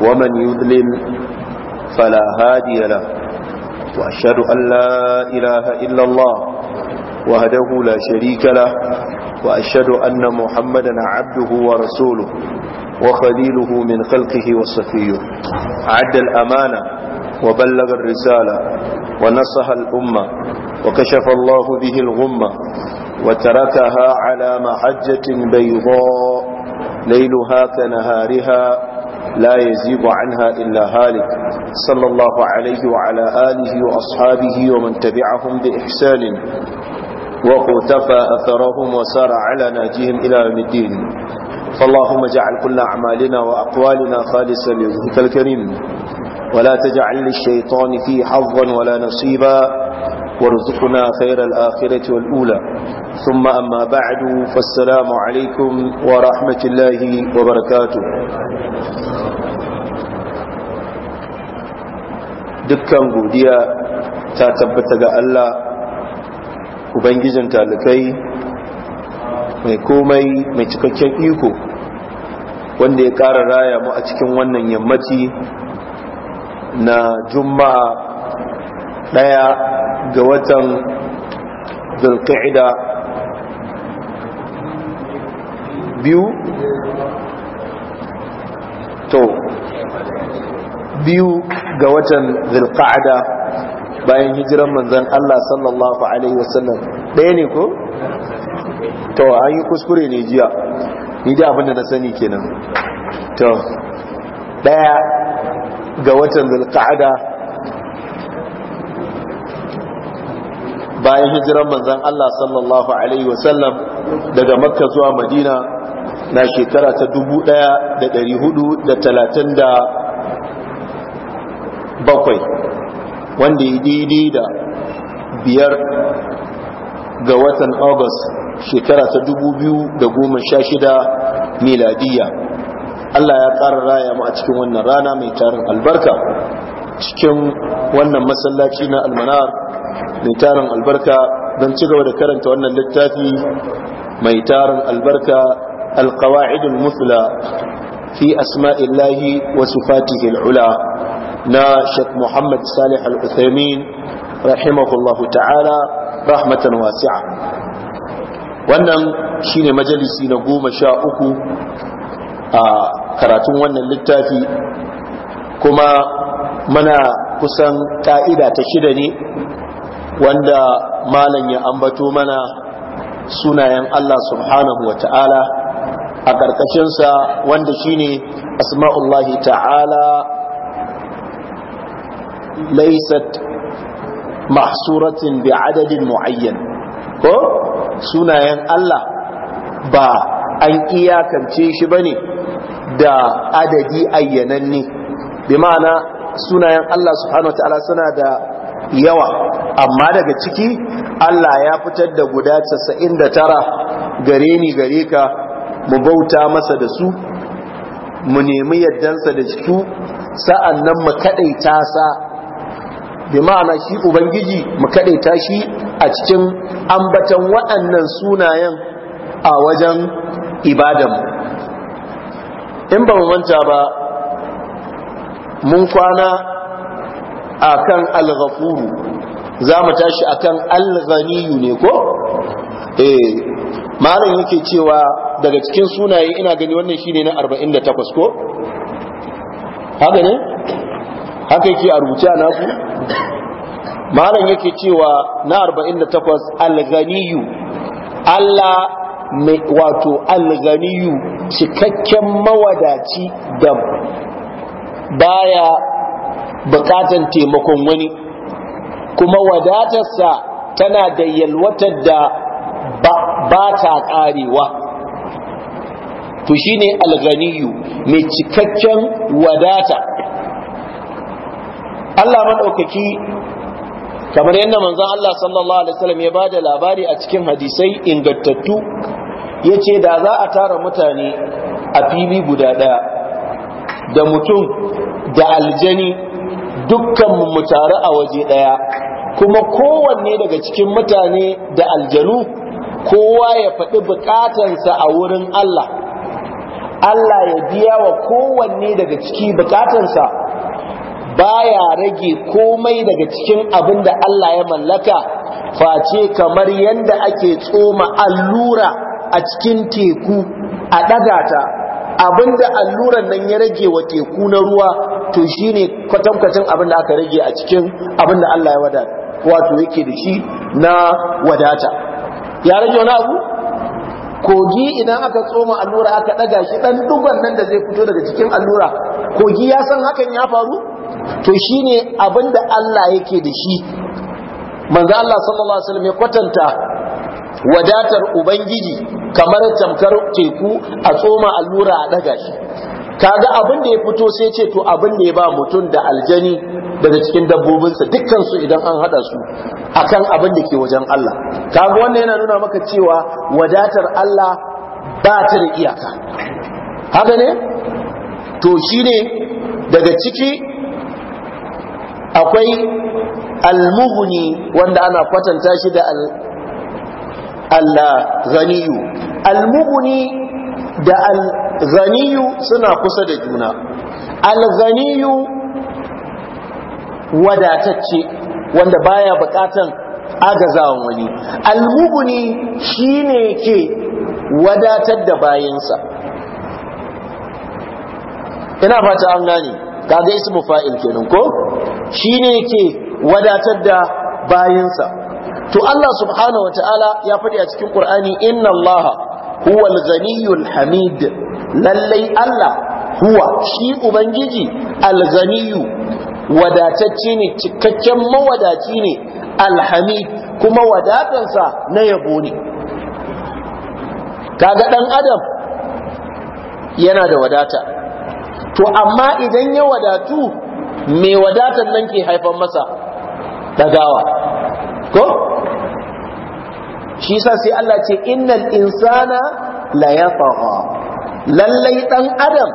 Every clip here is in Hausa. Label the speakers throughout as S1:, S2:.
S1: ومن يذلل فلا هادي له وأشهد أن لا إله إلا الله وهده لا شريك له وأشهد أن محمدا عبده ورسوله وخليله من خلقه وصفيه عد الأمانة وبلغ الرسالة ونصح الأمة وكشف الله به الغمة وتركها على محجة بيضاء ليلها كنهارها لا يزيغ عنها إلا هالك صلى الله عليه وعلى آله وأصحابه ومن تبعهم بإحسان وقتفى أثرهم وسار على ناجهم إلى يوم الدين فاللهم اجعل كل أعمالنا وأقوالنا خالصا لذلك الكريم ولا تجعل للشيطان فيه حظا ولا نصيبا وارزقنا خير الآخرة والأولى ثم أما بعد فالسلام عليكم ورحمة الله وبركاته dukkan godiya ta tabbata ga Allah ubangijin talikai mai komai mai cikakken iko wanda ya ƙara raya mu a cikin wannan yammaci na juma'a ɗaya ga watan zulqa'ida biyu to biyu ga watan zulqa'ada bayan hijiran manzon Allah sallallahu alaihi wasallam ɗaya ne ko to an yi kuskure ne jiya ni da abinda na sani kenan to ɗaya ga watan zulqa'ada bayan hijiran manzan Allah sallallahu alaihi wasallam daga makka zuwa madina na shekara ta 1437 wanda ya daidai da biyar ga watan agus shekara ta 2016 miladiya Allah ya ƙara raya mu a cikin wannan rana mai tarin albarka cikin wannan masallaci na almanar mai tarin albarka don ci gaba da karanta wannan littafi mai tarin albarka alkawa'idul musula fi asma'illahi wa sifatihi al'ula na shek muhammad salih al-uthaymin rahimahullahu ta'ala rahmatan wasi'a wannan shine majalisi na goma sha uku a karatun wannan littafi kuma mana kusan ka'ida ta shida ne wanda malam ya ambato mana sunayen Allah subhanahu wa ta'ala a ƙarƙashinsa wanda shine asma'ullahi ta'ala laisat mahsuratin bi adadin mu'ayyan ko sunayen Allah ba an iyakance shi ba ne da adadi ayyananne bi ma'ana sunayen Allah subhanahu wa ta'ala suna da yawa amma daga ciki Allah ya fitar da guda 99 gare ni gare ka mu bauta masa da su mu nemi yaddansa da su nan mu kadaita sa bi ma'ana shi ubangiji mu kadaita shi a cikin ambatan waɗannan sunayen a wajen ibadan in ba mu manta ba mun kwana akan al-ghafuru za mu tashi akan al-ghaniyu ne ko eh malam yake cewa daga cikin sunaye ina gani wannan shine na 48 ko haka ne haka yake a rubuce na ku malam yake cewa na 48 al Allah Allah wato al cikakken mawadaci da baya bukatan taimakon wani kuma wadatarsa tana da yalwatar da ba ta ƙarewa to shine alganiyu mai cikakken wadata Allah maɗaukaki kamar yadda manzon Allah sallallahu alaihi wasallam ya bada labari a cikin hadisai ingantattu Ya ce da za a tara mutane a fili guda ɗaya da mutum da aljani Dukkan mu taru a waje ɗaya kuma kowanne daga cikin mutane da aljanu kowa ya faɗi bukatansa a wurin Allah Allah ya biya wa kowanne daga ciki bukatansa baya rage komai daga cikin abin da Allah ya mallaka face kamar yadda ake tsoma allura a cikin teku a ɗagata abinda alluran nan ya rage wa teku na ruwa to shine kwatankwacin abin da aka rage a cikin abin da Allah ya wada wato yake da shi na wadata ya rage wani abu kogi idan aka tsoma allura aka daga shi dan dugon nan da zai fito daga cikin allura kogi ya san hakan ya faru to shine abin da Allah yake da shi manzo Allah sallallahu alaihi wasallam ya kwatanta wadatar ubangiji kamar tamkar teku a tsoma allura a daga shi kaga abin da ya fito sai ce to abin da ya ba mutum da aljani daga cikin dabbobinsa dukkan su idan an hada su akan abin da ke wajen Allah kaga wannan yana nuna maka cewa wadatar Allah ba ta da iyaka haka ne to shine daga ciki akwai almughni wanda ana kwatanta shi da al-ghaniyu al da al suna kusa da juna al-ghaniyu wadatacce wanda baya bukatan agazawan wani al-mughni shine ke wadatar da bayansa ina fata an gane kaga ismu fa'il kenan ko shine ke wadatar da bayansa to Allah subhanahu wa ta'ala ya faɗi a cikin Qur'ani inna Allah huwal ghaniyyul hamid lallai Allah huwa shi ubangiji al-ghaniyu wadatacce ne cikakken mawadaci ne al-hamid kuma wadatansa na yabo ne kaga dan adam yana da wadata to amma idan ya wadatu me wadatan nan ke haifar masa dagawa ko shi sa sai Allah ce innal insana la yatagha lallai dan adam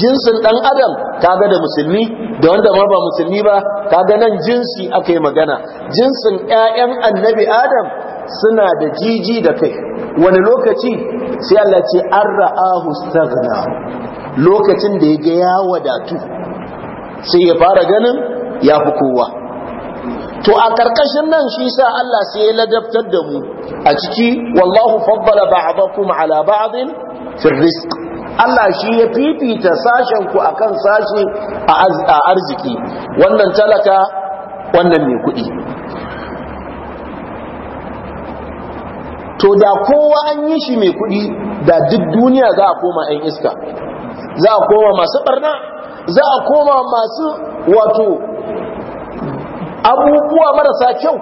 S1: jinsin dan adam kaga da musulmi da wanda ma ba musulmi ba kaga nan jinsi aka yi magana jinsin ƴaƴan annabi adam suna da jiji da kai wani lokaci sai Allah ce arraahu staghna lokacin da ya ga ya wadatu sai ya fara ganin ya fi kowa to a karkashin nan shi sa Allah sai ya ladabtar da mu a ciki wallahu faddala ba'dakum ala ba'd fi rizq Allah shi ya fifita sashen ku akan sashe a arziki wannan talaka wannan mai kuɗi to da kowa an yi shi mai kuɗi da duk duniya za a koma 'yan iska za a koma masu barna za a koma masu wato abubuwa marasa kyau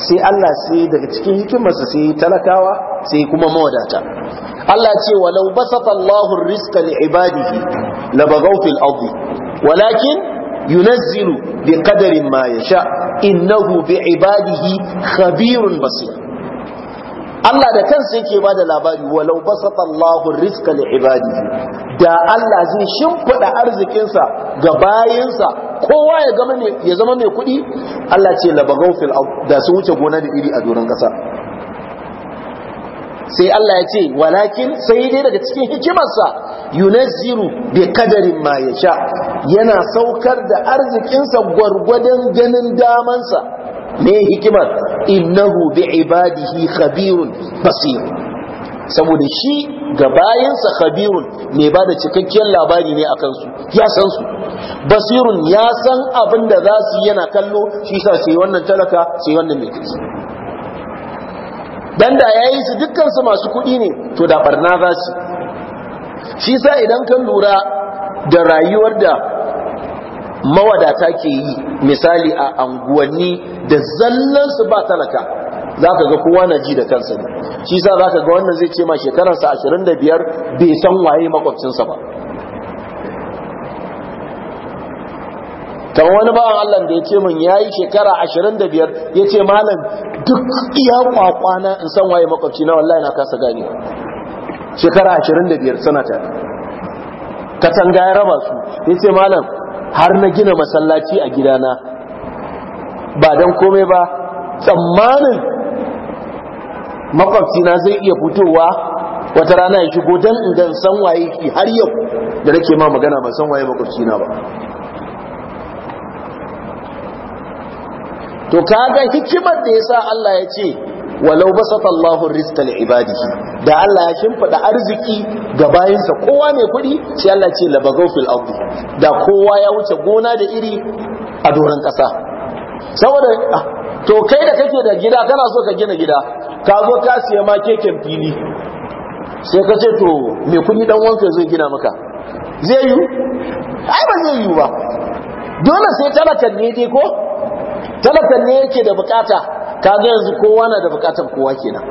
S1: sai Allah sai daga cikin hikimarsa sai talakawa sai kuma mawadata Allah ce walau basata Allahu rizqa li ibadihi fil ardi walakin yunazzilu biqadarin ma yasha innahu bi khabirun basir Allah da kansa yake ba da labari walau basata Allahu rizqa li da Allah zai shimfida arzikinsa ga bayinsa kowa ya zama mai ya zama mai kuɗi Allah ce la bagaw fil da su wuce gona da iri a doron ƙasa sai Allah ya ce walakin sai dai daga cikin hikimarsa yunaziru bi kadarin ma ya sha!" yana saukar da arzikinsa gwargwadon ganin damansa ne hikimar innahu bi ibadihi khabirun basir saboda shi ga bayansa khabirun mai ba da cikakken labari ne a kansu ya san su basirun ya san abin da za su yana kallo shi sa sai wannan talaka sai wannan mai kuɗi dan da yayi su dukkan su masu kuɗi ne to da barna za su shi sa idan kan lura da rayuwar da mawadata ke yi misali a anguwanni da zallansu ba talaka za ka ga kowa na ji da kansa ne shi sa za ka ga wannan zai ce ma shekararsa ashirin da biyar bai san waye makwabcinsa ba kamar wani bawan Allah da ya ce min ya yi shekara ashirin da biyar ya ce malam duk iya na in san waye makwabci na wallahi na kasa gane shekara ashirin da biyar suna tare katanga ya raba su ya ce malam har na gina masallaci a gidana ba don komai ba tsammanin makwabcina zai iya fitowa wata rana ya shigo dan idan san waye ki har yau da nake ma magana ba san waye makwabcina ba to kaga hikimar da ya sa Allah ya ce walau basata Allahu rizqal ibadihi da Allah ya shimfida arziki ga bayinsa kowa mai kuɗi sai Allah ce labagaw fil ardi da kowa ya wuce gona da iri a doron ƙasa saboda ah, to kai da kake da gida kana so ka gina gida ka zo ka siya ma keken fili sai ka ce to me kudi dan wanka zai gina maka zai yi ai ba zai yi ba dole sai talakan ne dai ko talakan ne yake da bukata ga yanzu kowa na da bukatar kowa kenan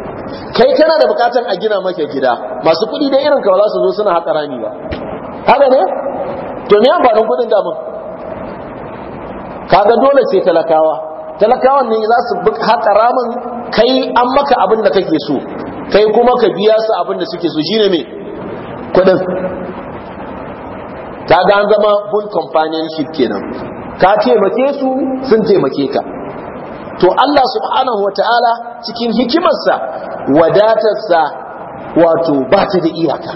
S1: kai kana da bukatar a gina maka gida masu kudi dai irin ka ba za su zo suna haka rami ba haka ne to me amfanin kudin damun kaga dole sai talakawa talakawan ne za su haƙa ramin kai an maka abin da kake so kai kuma ka biya su abin da suke so shine me kudin ta ga an zama bun companionship kenan ka taimake su sun taimake ka to Allah subhanahu ta'ala cikin hikimarsa wadatarsa wato ba ta da iyaka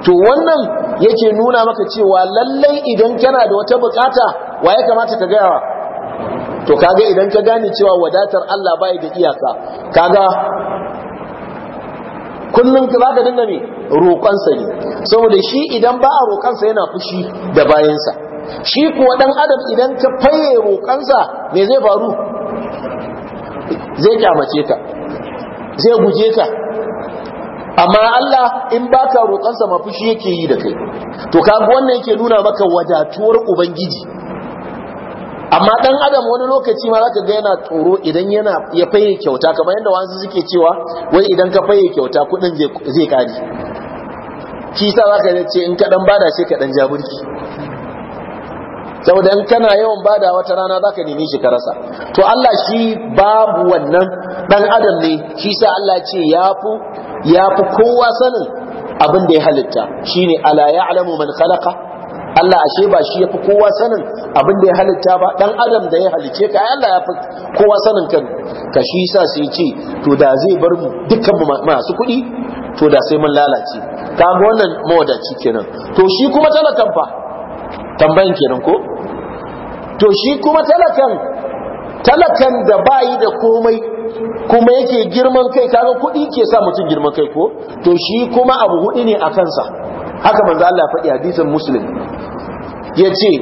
S1: to wannan yake nuna maka cewa lallai idan kana da wata bukata wa ya kamata ka gaya wa? to kaga idan ka gane cewa wadatar Allah bai da iyaka kaga kullum ka zaka dinga ne roƙonsa ne saboda shi idan ba a roƙonsa yana fushi da bayansa shi kuwa dan adam idan ka faye roƙonsa me zai faru zai kyamace ka zai guje ka amma Allah in ba ka roƙonsa ma fushi yake yi da kai to kaga wannan yake nuna maka wadatuwar ubangiji amma dan adam wani lokaci ma zaka ga yana tsoro idan yana ya faye kyauta kamar yadda wani suke cewa wai idan ka faye kyauta kudin zai kare shi sa zaka ce in ka dan bada shi ka dan burki saboda in kana yawan bada wata rana zaka nemi shi ka rasa to Allah shi babu wannan dan adam ne shi sa Allah ce yafu yafu kowa sanin abin da ya halitta shine ala ya'lamu man khalaqa Allah ashe ba shi yafi kowa sanin abin da ya halitta ba dan adam da ya halice ka Allah yafi kowa sanin kan ka shi yasa sai ce to da zai bar mu dukkan mu masu kuɗi to da sai mun lalace kaga wannan mawadaci kenan to shi kuma talakan fa tambayan kenan ko to shi kuma talakan talakan da bayi da komai kuma yake girman kai kaga kuɗi ke sa mutum girman kai ko to shi kuma abu hudu ne a kansa haka manzo Allah faɗi hadisin muslim ya ce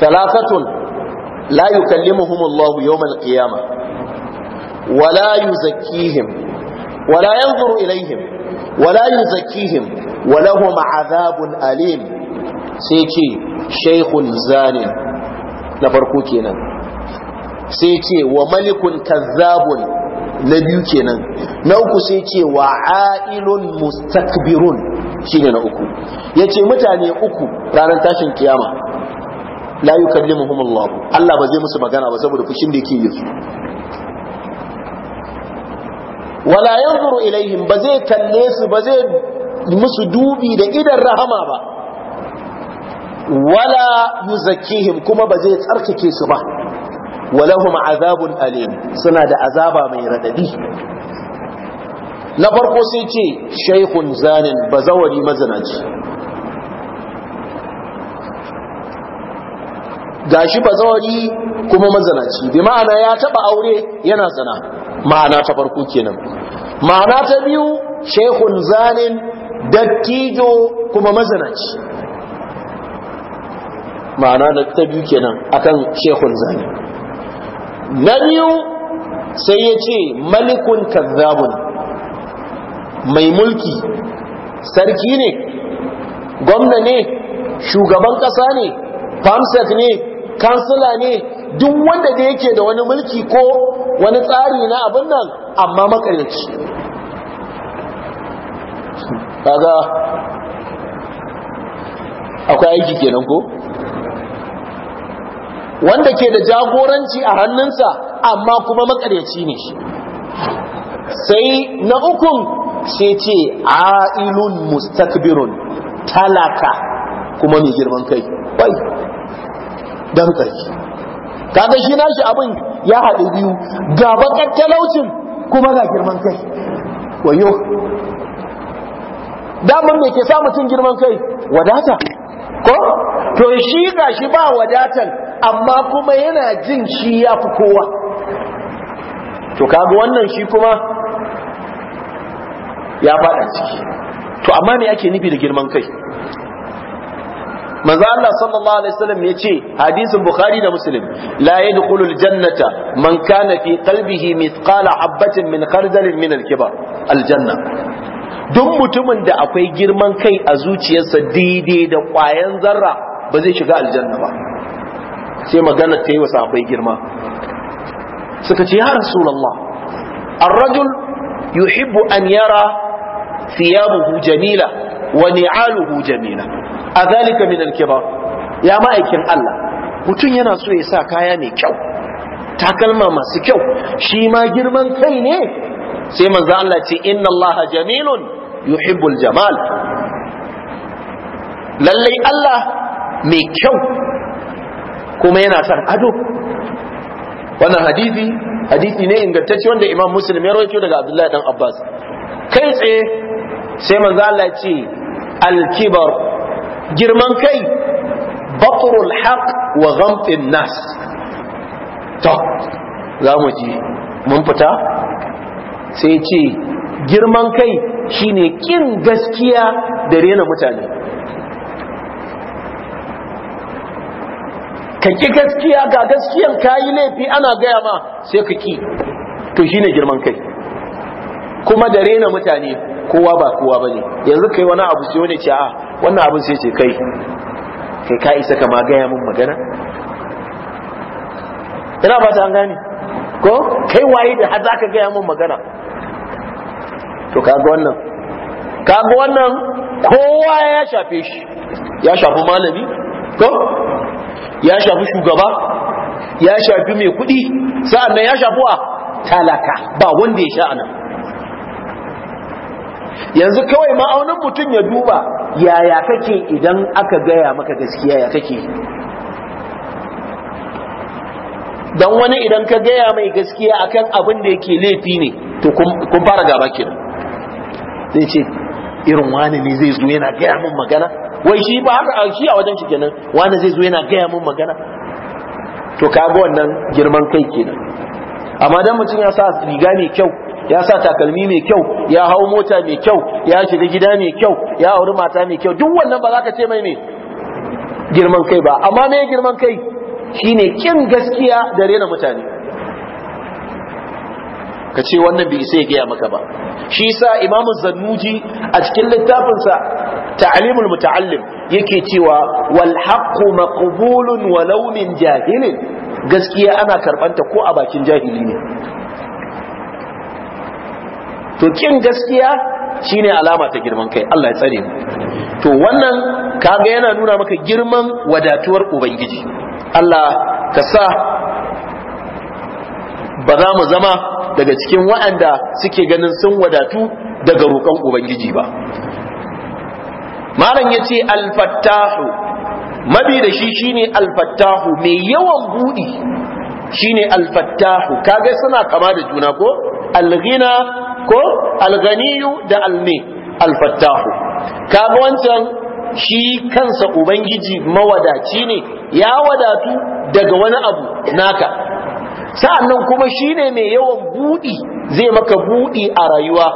S1: salafatun la yukallimuhum Allah yawmal qiyamah wa la yuzakkihim wa la yanzuru ilaihim wa la yuzakkihim wa lahum azabun alim sai ce shaikun zanin na farko kenan sai ce wa malikun kazzabun na biyu kenan na uku sai ce wa ailun mustakbirun shine na uku yace mutane uku ranar tashin kiyama la yukallimuhum Allah Allah ba zai musu magana ba saboda fushin da yake yi su wala yanzuru ilaihim ba zai kalle su ba zai musu dubi da idan rahama ba wala yuzakkihim kuma ba zai tsarkake su ba walahum azabun alim suna da azaba mai radadi na farko sai ce shaykhun zanin bazawari mazinaci gashi bazawari kuma mazanaci bi ma'ana ya taba aure yana zana ma'ana ta farko kenan ma'ana ta biyu shaykhun zanin dattijo kuma mazanaci ma'ana da ta biyu kenan akan shaykhun zanin na biyu sai ya ce malikun kazzabun mai mulki sarki ne gwamna ne shugaban ƙasa ne famsek ne kansila ne duk wanda da yake da wani mulki ko wani tsari na abin nan amma makarici kaga akwai aiki kenan ko wanda ke da jagoranci a hannunsa amma kuma makaryaci ne shi sai na ukun sai ce ailun mustakbirun talaka kuma mai girman kai bai dan karki kaga shi nashi abin ya haɗe biyu ga bakar talaucin kuma ga girman kai wayo daman me ke sa mutum girman kai wadata ko to shi gashi ba wadatan amma kuma yana jin shi ya fi kowa to kaga wannan shi kuma ya faɗa ciki to amma me ake nufi da girman kai manzo Allah sallallahu alaihi wasallam ya ce hadisin bukhari da muslim la yadkhulul jannata man kana fi qalbihi mithqala habatin min khardalin min al-kibar aljanna duk mutumin da akwai girman kai a zuciyarsa daidai da kwayan zarra ba zai shiga aljanna ba sai maganar ta yi wa sahabbai girma suka ce ya rasulullah arrajul rajul yuhibbu an yara thiyabuhu jamila wa ni'aluhu jamila adhalika min al ya ma'aikin Allah mutum yana so ya sa kaya mai kyau takalma masu kyau shi ma girman kai ne sai manzo Allah ce inna Allah jamilun yuhibbul jamal lallai Allah mai kyau kuma yana son ado wannan hadisi hadisi ne ingantacce wanda imam muslim ya rawaito daga abdullahi dan abbas kai tsaye sai manzo Allah ce al-kibar girman kai batrul haqq wa ghamtin nas to za mu ji mun fita sai ce girman kai shine kin gaskiya da rena mutane ka ki gaskiya ga gaskiyan kayi laifi ana gaya ma sai ka ki to shine girman kai kuma da rena mutane kowa ba kowa bane yanzu kai wani abu sai wani ce a ah, wannan abin sai ce kai kai ka isa ka ma gaya min magana ina ba ta an gane ko kai waye da har zaka gaya min magana to ga wannan ga wannan kowa ya shafe shi ya shafi malami ko ya shafi shugaba ya shafi mai kuɗi sa'an nan ya shafi wa talaka ba wanda ya sha anan yanzu kawai ma'aunin mutum ya duba yaya kake idan aka gaya maka gaskiya ya kake don wani idan ka gaya mai gaskiya akan abin da yake laifi ne to kun fara gaba kira zai ce irin wani ne zai zo yana gaya min magana wai shi ba haka shi a wajen shi kenan wanda zai zo yana gaya mun magana to ka ga wannan girman kai kenan amma dan mutum ya sa riga mai kyau ya sa takalmi mai kyau ya hau mota mai kyau ya shiga gida mai kyau ya auri mata mai kyau duk wannan ba za ka ce mai me girman kai ba amma me girman kai shine kin gaskiya da rena mutane ka ce wannan bai isa ya gaya maka ba shi sa imamu zanuji a cikin littafinsa ta'alimul muta'allim yake cewa wal haqqu maqbulun walau min jahilin gaskiya ana karbanta ko a bakin jahili ne to kin gaskiya shine alama ta girman kai Allah ya tsare mu to wannan kaga yana nuna maka girman wadatuwar ubangiji Allah ka sa ba za mu zama daga cikin waɗanda suke ganin sun wadatu daga roƙon ubangiji ba malam ya ce alfattahu mabi da shi shine alfattahu mai yawan buɗi shine alfattahu kaga suna kama da juna ko alghina ko alganiyu da alme alfattahu kaga wancan shi kansa ubangiji mawadaci ne ya wadatu daga wani abu naka sa'annan kuma shine mai yawan budi zai maka budi a rayuwa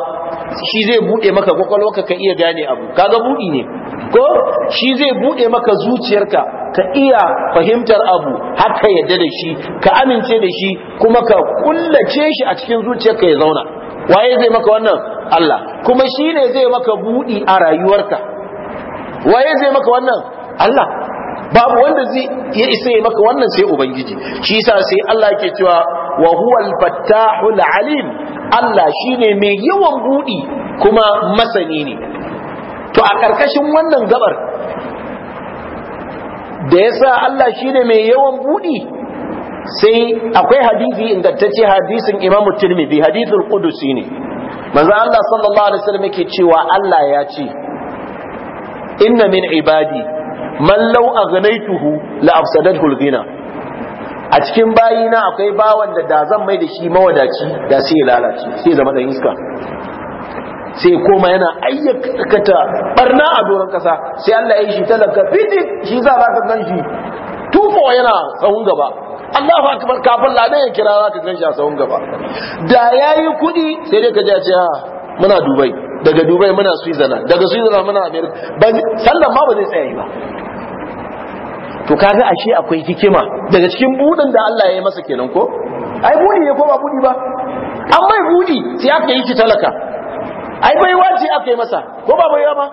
S1: shi zai bude maka kwakwalwarka ka iya gane abu kaga budi ne ko shi zai bude maka zuciyarka ka iya fahimtar abu har ka yadda da shi ka amince da shi kuma ka kullace shi a cikin zuciyarka ya zauna waye zai maka wannan Allah kuma shine zai maka budi a rayuwarka waye zai maka wannan Allah babu wanda zai ya isa ya maka wannan sai ubangiji shi yasa sai Allah ke cewa wa huwal fattahul alim Allah shine mai yawan budi kuma masani ne to a karkashin wannan gabar da yasa Allah shine mai yawan budi sai akwai hadisi ingantacce hadisin Imam Tirmidhi hadithul Qudusi ne manzo Allah sallallahu alaihi wasallam yake cewa Allah ya ce inna min ibadi man law aghnaytuhu la afsadathu al-ghina a cikin bayina akwai bawan da da zan mai da shi mawadaci da sai ya lalace sai zama dan iska sai koma yana ayyakata barna a doron kasa sai Allah ya yi shi talaka fitik shi za ka gan shi tufo yana tsawon gaba Allahu akbar kafin lada ya kira za ka ganshi a sahun gaba da yayi kuɗi sai dai ka ji a ce ah, muna Dubai daga Dubai muna Switzerland daga Switzerland muna America sallan ma ba zai tsaye ba to kaga ashe akwai hikima daga cikin budin da Allah ya yi masa kenan ko ai budi ne ko ba budi ba an mai budi sai aka yi shi talaka ai bai waje aka yi masa ko ba bai ba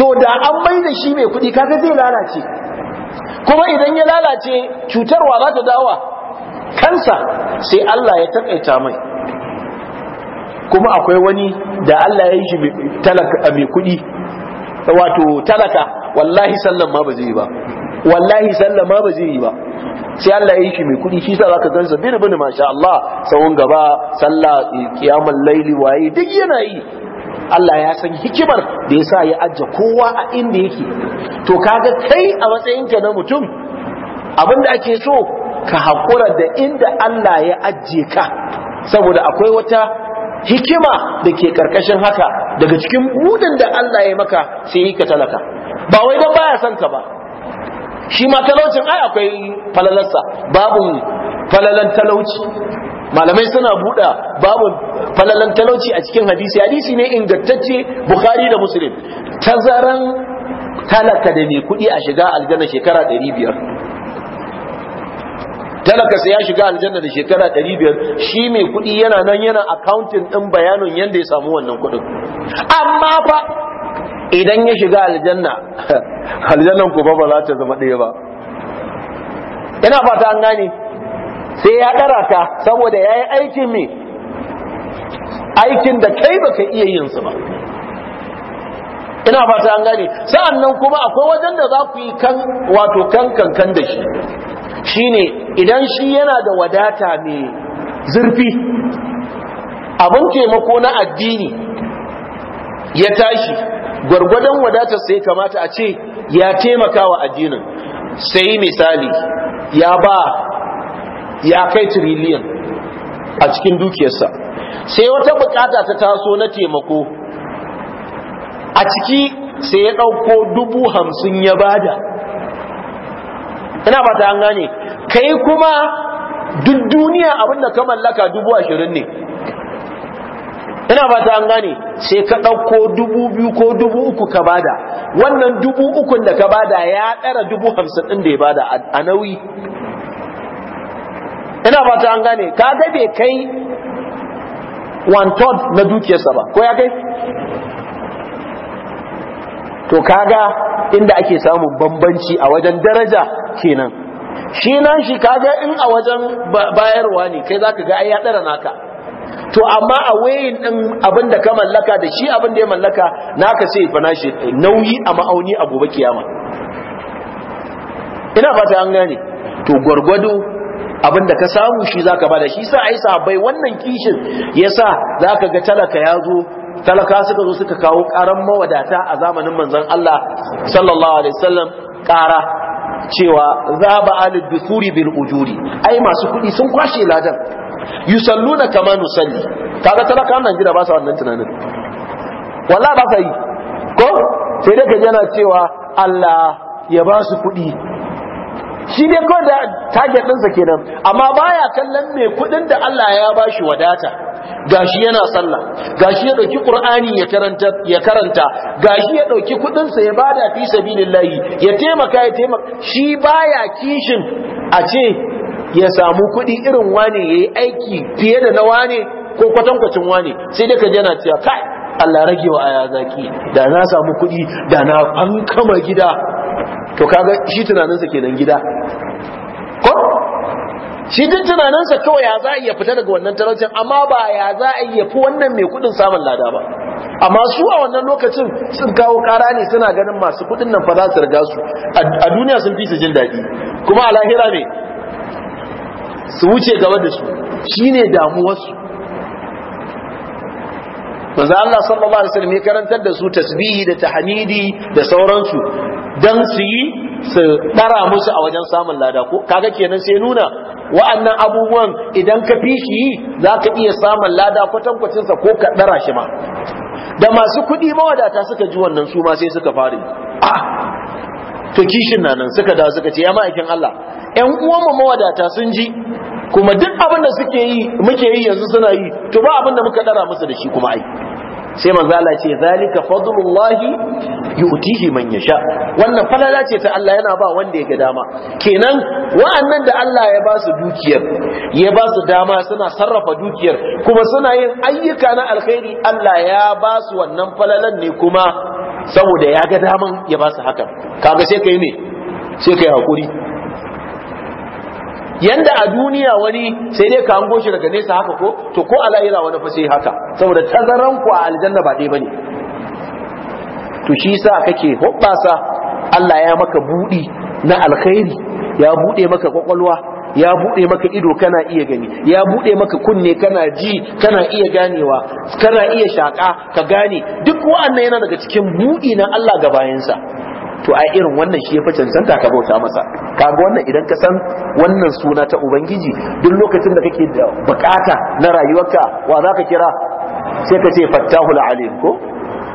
S1: to da an mai da shi mai kuɗi kaga zai lalace kuma idan ya lalace cutarwa za ta dawa kansa sai Allah ya takaita mai kuma akwai wani da Allah ya yi shi mai kuɗi wato talaka wallahi sallan ma ba zai ba wallahi sallah ma ba zai yi ba sai Allah ya yi shi mai kuɗi shi sa zaka gansa birbin masha Allah sawon gaba sallah kiyamul laili waye duk yana yi Allah ya san hikimar da yasa ya ajja kowa a inda yake to kaga kai a matsayin ka na mutum abinda ake so ka haƙura da inda Allah ya ajje ka saboda akwai wata hikima da ke karkashin haka daga cikin budin da Allah ya maka sai ka talaka ba wai dan baya son ka ba shi ma talaucin ai akwai falalarsa babu falalan talauci malamai suna buɗa babu falalan talauci a cikin hadisi hadisi ne ingantacce bukhari da muslim tazaran talaka da mai kuɗi a shiga aljanna shekara ɗari biyar talaka sai ya shiga aljanna da shekara 500 shi mai kuɗi yana nan yana accounting ɗin bayanin yanda ya samu wannan kuɗin, amma fa idan ya shiga aljanna aljannan ku ba za ta zama ɗaya ba ina fata an gane sai ya karata saboda ya yi aikin me aikin da kai ba ka iya yin su ba ina fata an gane sa'an nan kuma akwai wajen da za ku yi kan wato kan kankan da shi shine idan shi yana da wadata mai zurfi abin taimako na addini ya tashi gwargwadon wadatar sai kamata a ce ya taimaka wa addinin sai misali ya ba ya kai tiriliyan a cikin dukiyarsa sai wata bukata ta taso na taimako a ciki sai ya ɗauko dubu hamsin ya bada ina ba ta gane kai kuma duk duniya abinda ka mallaka dubu ashirin ne ina ba ta an gane sai ka ɗauko dubu biyu ko dubu uku ka bada wannan dubu ukun da ka bada ya ɗara dubu hamsin ɗin da ya bada a nauyi ina ba ta an gane ka ga bai kai one third na dukiyarsa ba ko ya kai to kaga inda ake samun bambanci a wajen daraja kenan shi nan shi kaga in a wajen bayarwa ne kai za ka ga ai ya dara naka to amma a wayin din abin da ka mallaka da shi abin da ya mallaka naka sai fa nashi nauyi a ma'auni a gobe kiyama ina fata an gane to gwargwado abin da ka samu shi zaka bada shi sa ai sahabbai wannan kishin yasa zaka ga talaka ya talaka suka zo suka kawo karan mawadata a zamanin manzon Allah sallallahu alaihi wasallam kara cewa zaba alid dusuri bil ujuri ai masu kudi sun kwashe ladan yusalluna kama nusalli kaga talaka nan gida ba sa wannan tunanin wallahi ba sa yi ko sai dai kaje yana cewa Allah ya ba su kuɗi shi dai ko da target ɗinsa kenan amma baya kallon mai kuɗin da Allah ya ba shi wadata gashi yana sallah gashi ya dauki qur'ani ya karanta ya karanta gashi ya dauki kudin sa ya bada fi sabilillahi ya taimaka ya taimaka shi baya kishin a ce ya samu kuɗi irin wane ya yi aiki fiye da na wane ko kwatankwacin wane sai dai ka jana cewa kai Allah rage wa aya zaki da na samu kuɗi da na an kama gida to kaga shi tunaninsa kenan gida ko shi duk tunaninsa kawai ya za a iya fita daga wannan talaucin amma ba ya za a iya fi wannan mai kuɗin samun lada ba amma su a wannan lokacin sun kawo kara ne suna ganin masu kuɗin nan fa za su riga su a duniya sun fi su jin daɗi kuma a lahira ne su wuce gaba da su shine damuwarsu manzo Allah sallallahu alaihi wasallam ya karantar da su tasbihi da tahmidi da sauransu dan su yi su dara musu a wajen samun lada ko kaga kenan sai nuna wa'annan abubuwan idan ka fi shi zaka iya samun lada kwatankwacin sa ko ka dara shi ma da masu kuɗi mawadata suka ji wannan su ma sai suka fara a ah! to kishin nan suka da suka ce ya ma'aikin Allah ƴan uwan mawadata sun ji kuma duk abin da suke yi muke yi yanzu suna yi to ba abin da muka dara musu da shi kuma ai sai manzo Allah ce zalika fadlullahi yu'tihi man yasha wannan falala ce ta Allah yana ba wanda ya ga dama kenan wa'annan da Allah ya ba su dukiyar ya ba su dama suna sarrafa dukiyar kuma suna yin ayyuka na alkhairi Allah ya ba su wannan falalan ne kuma saboda ya ga daman ya ba su hakan kaga sai kai ne sai kai hakuri yanda a duniya wani sai dai ka hango shi daga nesa haka ko to ko ala'ira wani fa sai haka saboda tazaran ku a aljanna ba dai bane to shi sa kake hobbasa Allah ya maka budi na alkhairi ya bude maka kwakwalwa ya bude maka ido kana iya gani ya bude maka kunne kana ji kana iya ganewa kana iya shaka ka gane duk wa'annan yana daga cikin budi na Allah ga bayansa to ai irin wannan shi ya fi cancanta ka bauta masa kaga wannan idan ka san wannan suna ta ubangiji duk lokacin da kake da bukata na rayuwarka wa za ka kira sai ka ce fattahul alim ko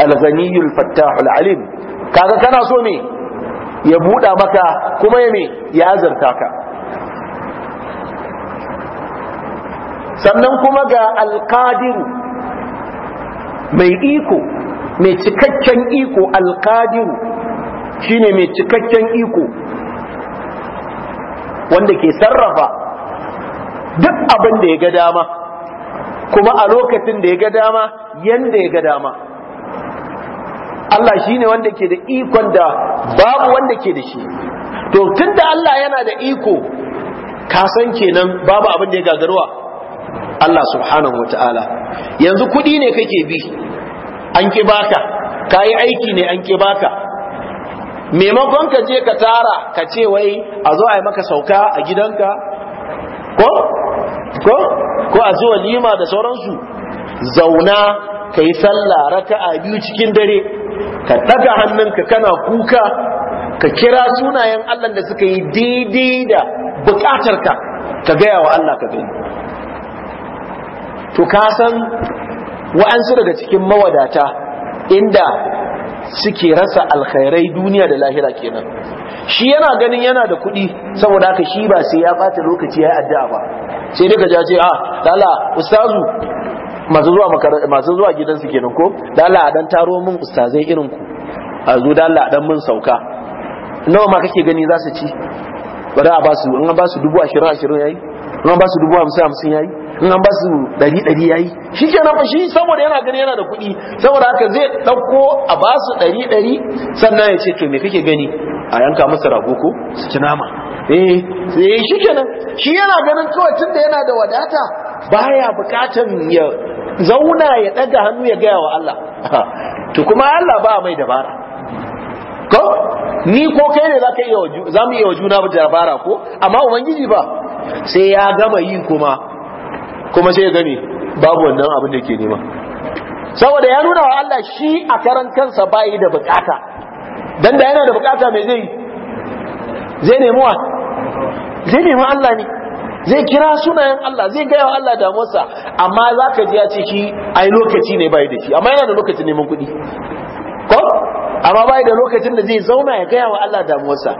S1: alghaniyul fattahul alim kaga kana so me ya buɗa maka kuma ya me ya azarta ka sannan kuma ga alqadir mai iko mai cikakken iko alqadir shine mai cikakken iko wanda ke sarrafa duk abin da ya ga dama kuma a lokacin da ya ga dama yanda ya ga dama Allah shine wanda ke da ikon da babu wanda ke da shi to tunda Allah yana da iko ka san kenan babu abin da ya gagarwa Allah subhanahu wataala yanzu kudi ne kake bi an ki baka kayi aiki ne an ki baka maimakon ka je ka tara ka ce wai a zo a yi maka sauka a gidanka ko ko ko a zo walima da sauransu zauna ka yi sallah raka'a biyu cikin dare ka daga hannunka kana kuka ka kira sunayen Allah da suka yi daidai da bukatarka ka gaya wa Allah ka gani to ka san wa'ansu daga cikin mawadata inda suke rasa alkhairai duniya da lahira kenan shi yana ganin yana da kuɗi saboda haka shi ba sai ya ɓata lokaci ya yi addu'a ba sai daga ja ce a ah, lala ustazu masu zuwa masu zuwa gidansu kenan ko lala dan taro min ustazai irin ku a zo lala dan mun sauka nawa ma kake gani za su ci bari a ba su in ba su dubu ashirin ashirin yayi in ba su dubu hamsin hamsin yayi in an ba su ɗari ɗari ya yi shi ke fa shi saboda yana gani yana da kuɗi saboda haka zai ɗauko a ba su ɗari ɗari sannan ya ce to me kake gani a yanka masa rago ko su ci nama eh sai eh, shi nan shi yana ganin kawai da yana da wadata baya bukatan ya zauna ya ɗaga hannu ya gaya wa Allah to kuma Allah ba mai dabara ko ni ko kai ne zaka iya za mu iya wa juna dabara ko amma ubangiji ba sai ya gama yi kuma kuma sai gani babu wannan abin da yake nema saboda ya nuna wa Allah shi a karan kansa bai da bukata dan da yana da bukata me zai zai wa zai nemi Allah ne zai kira sunayen Allah zai gaya wa Allah damuwarsa amma zaka ji ya ce shi ai lokaci ne bai da shi amma yana da lokacin neman kuɗi amma bai da lokacin da zai zauna ya gaya wa Allah damuwarsa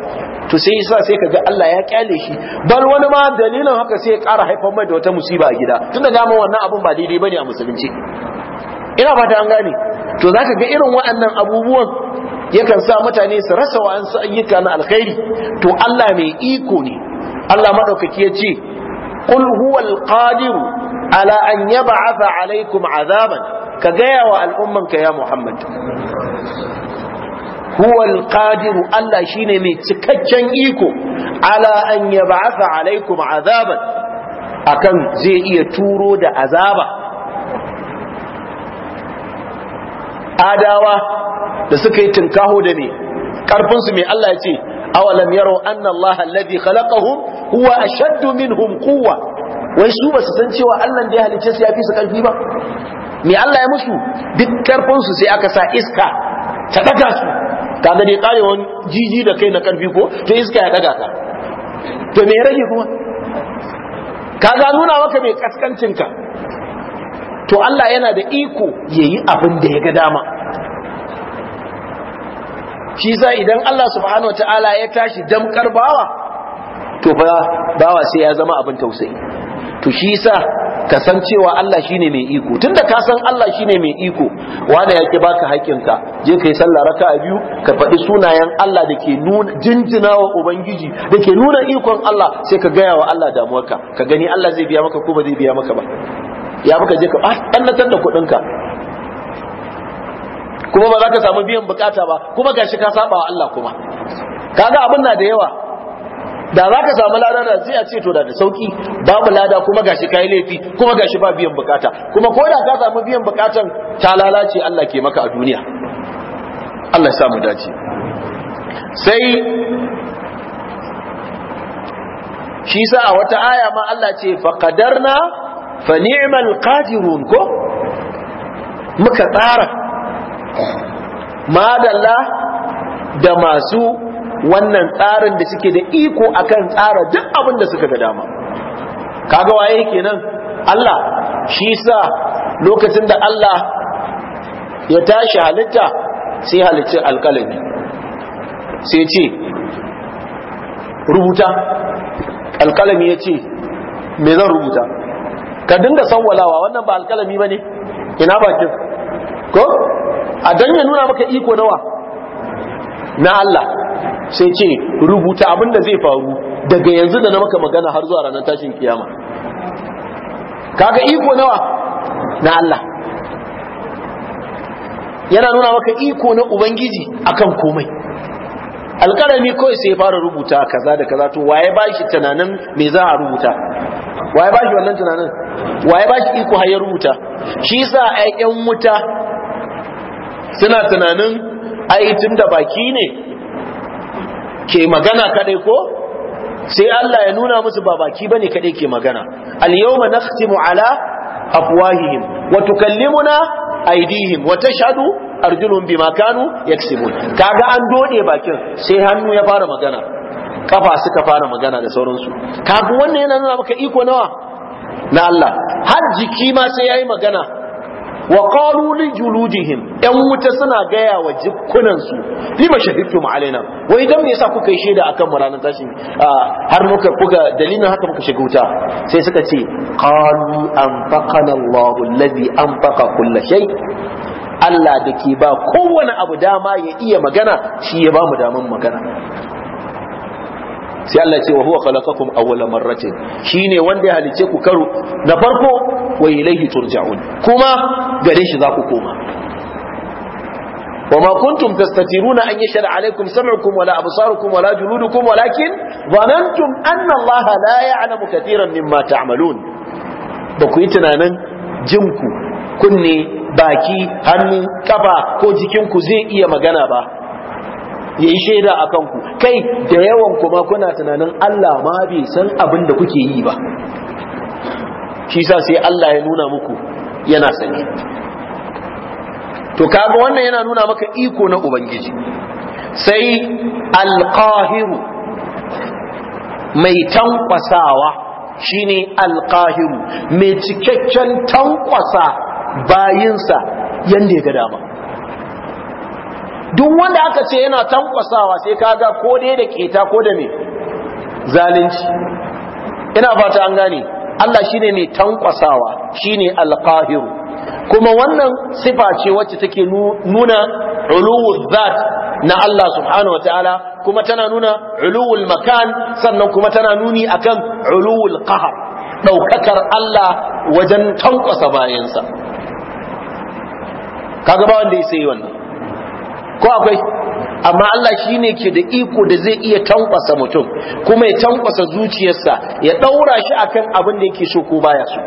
S1: to sai yasa sai kaga Allah ya kyale shi bal wani ma dalilin haka sai ya ƙara haifar mai da wata musiba a gida tunda dama wannan abun ba daidai bane a musulunci ina fata an gane to zaka ga irin waɗannan abubuwan yakan sa mutane su rasa wa'ansu ayyuka na alkhairi to Allah mai iko ne Allah madaukaki ya ce qul huwal qadiru ala an yab'atha alaikum azaban ka gaya wa ka ya Muhammad huwal kadiru Allah shine mai cikakken iko ala an yab'atha alaikum azaban akan zai iya turo da azaba adawa da suka yi tinkaho da ne karfin su mai Allah ya ce awalam yaro anna Allah alladhi khalaqahum huwa ashaddu minhum quwwa wai su basu san cewa Allah da ya halice su ya fi su karfi ba me Allah ya musu duk su sai aka sa iska ta daga su ka gani karewan jiji da kai na karfi ko to iska ya daga ka to me rage kuma ka ga nuna maka mai ka to Allah yana da iko yayi abin da ya ga dama shi sa idan Allah subhanahu wataala ya tashi damkar bawa to fa bawa sai ya zama abin tausayi to shi sa ka san cewa Allah shine mai iko tunda ka san Allah shine mai iko ya ki baka ka je kai sallah a biyu ka faɗi sunayen Allah da ke nuna wa ubangiji da ke nuna ikon Allah sai ka gaya wa Allah damuwarka ka gani Allah zai biya maka ko zai biya maka ba ya maka je ka ah annatar da ka. kuma ba za ka samu biyan bukata ba kuma gashi ka saba wa Allah kuma kaga abin na da yawa da za ka samu lada da sai a ce to da da sauki babu lada kuma gashi kai laifi kuma gashi ba biyan bukata kuma ko da ka samu biyan bukatan ta lalace Allah ke maka a duniya Allah ya samu dace sai shi sa a wata aya ma Allah ce fa qadarna fa ni'mal qadirun ko muka tsara madalla da masu wannan tsarin da suke da iko akan tsara duk abin da suka ga dama kaga waye kenan Allah shi sa lokacin da Allah ya tashi halitta sai halicci alkalami sai ce rubuta alkalami ya ce me zan rubuta ka dinga sanwalawa wannan ba alkalami ba ne ina bakin ko a don ya nuna maka iko nawa na Allah sai ce rubuta abin da zai faru daga yanzu da na maka magana har zuwa ranar tashin kiyama kaga iko nawa na Allah yana nuna maka iko na ubangiji akan komai alƙalami kawai sai ya fara rubuta kaza da kaza to waye ba shi tunanin me za a rubuta waye ba shi wannan tunanin waye ba shi iko har ya rubuta shi yasa ayyan ƴan wuta suna tunanin ai tun da baki ne ke magana kadai ko sai Allah ya nuna musu ba baki bane kadai ke magana al-yawma nakhtimu ala afwahihim wa tukallimuna aydihim wa tashhadu arjulun bima kanu Ta kaga an dode bakin sai hannu ya fara magana kafa suka fara magana da sauransu kaga wannan yana nuna maka iko nawa na Allah har jiki ma sai yayi magana wa qalu li juludihim yan wuta suna gaya wa jikunan su lima shahidtum alaina wa idan me yasa kuka yi shaida akan mu ranar tashin har muka buga dalilin haka muka shiga wuta sai suka ce qalu anfaqana Allahu alladhi anfaqa kull shay Allah da ke ba kowane abu dama ya iya magana shi ya ba mu daman magana sai Allah ce wa huwa khalaqakum awwala marratin shine wanda ya halice ku karo na farko wa ilayhi turja'un kuma gare shi za ku koma وما كنتم تستترون أن يشهد عليكم سمعكم ولا أبصاركم ولا جلودكم ولكن ظننتم أن الله لا يعلم كثيرا مما تعملون بكويتنا نن جمكو kunne baki hannu ƙafa ko ku zai iya magana ba ya yi shaida a kanku kai da yawan kuma kuna tunanin Allah ma bai san abin da kuke yi ba shi sa sai Allah ya nuna muku yana sani to kaga wannan yana nuna maka iko na ubangiji sai alqahiru mai tankwasawa shine alqahiru mai cikakken tankwasa bayinsa yanda ya ga dama duk wanda aka ce yana tankwasawa sai kaga ko dai da keta ko da me zalunci ina fata an gane Allah shine mai tankwasawa shine alkahiru kuma wannan sifa ce wacce take nuna uluwul zat na Allah subhanahu wataala kuma tana nuna uluwul makan sannan kuma tana nuni akan uluwul qahar daukakar Allah wajen tankwasa bayansa kaga ba wanda yake yi wannan ko akwai amma Allah shi ne ke da iko da zai iya tankwasa mutum kuma ya tankwasa zuciyarsa ya ɗaura shi akan abin da yake so ko baya so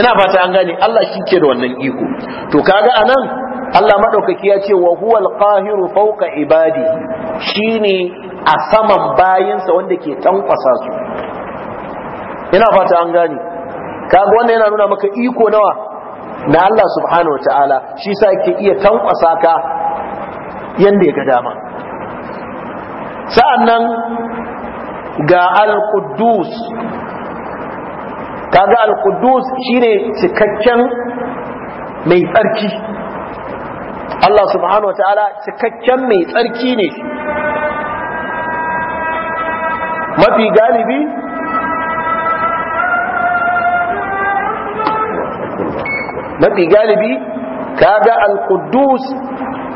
S1: ina fata an gane Allah shi ke da wannan iko to kaga anan Allah maɗaukaki ya ce wa huwa alqahiru fawqa ibadi shine a saman bayinsa wanda ke tankwasa su ina fata an gane kaga wanda yana nuna maka iko nawa na Allah subhanahu wa ta'ala shi sa yake iya tankwasa ka Yanda ya ga dama sa'an nan ga al-quddus kaga al-quddus shine cikakken mai tsarki Allah subhanahu ta’ala cikakken mai tsarki ne mafi galibi mafi galibi ga al-quddus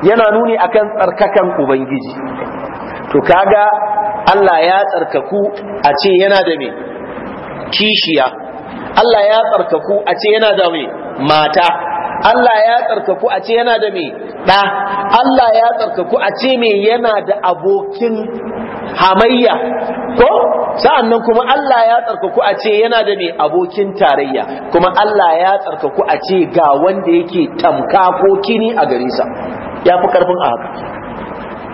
S1: yana nuni akan tsarkakan ubangiji to kaga Allah ya tsarkaku a ce yana da me kishiya Allah ya tsarkaku a ce yana da me mata Allah ya tsarkaku a ce yana da me ɗa Allah ya tsarkaku a ce me yana da abokin hamayya ko sa'an nan kuma Allah ya tsarkaku a ce yana da mai abokin tarayya kuma Allah ya tsarkaku a ce ga wanda yake tamka ko kini a sa? ya fi karfin a haka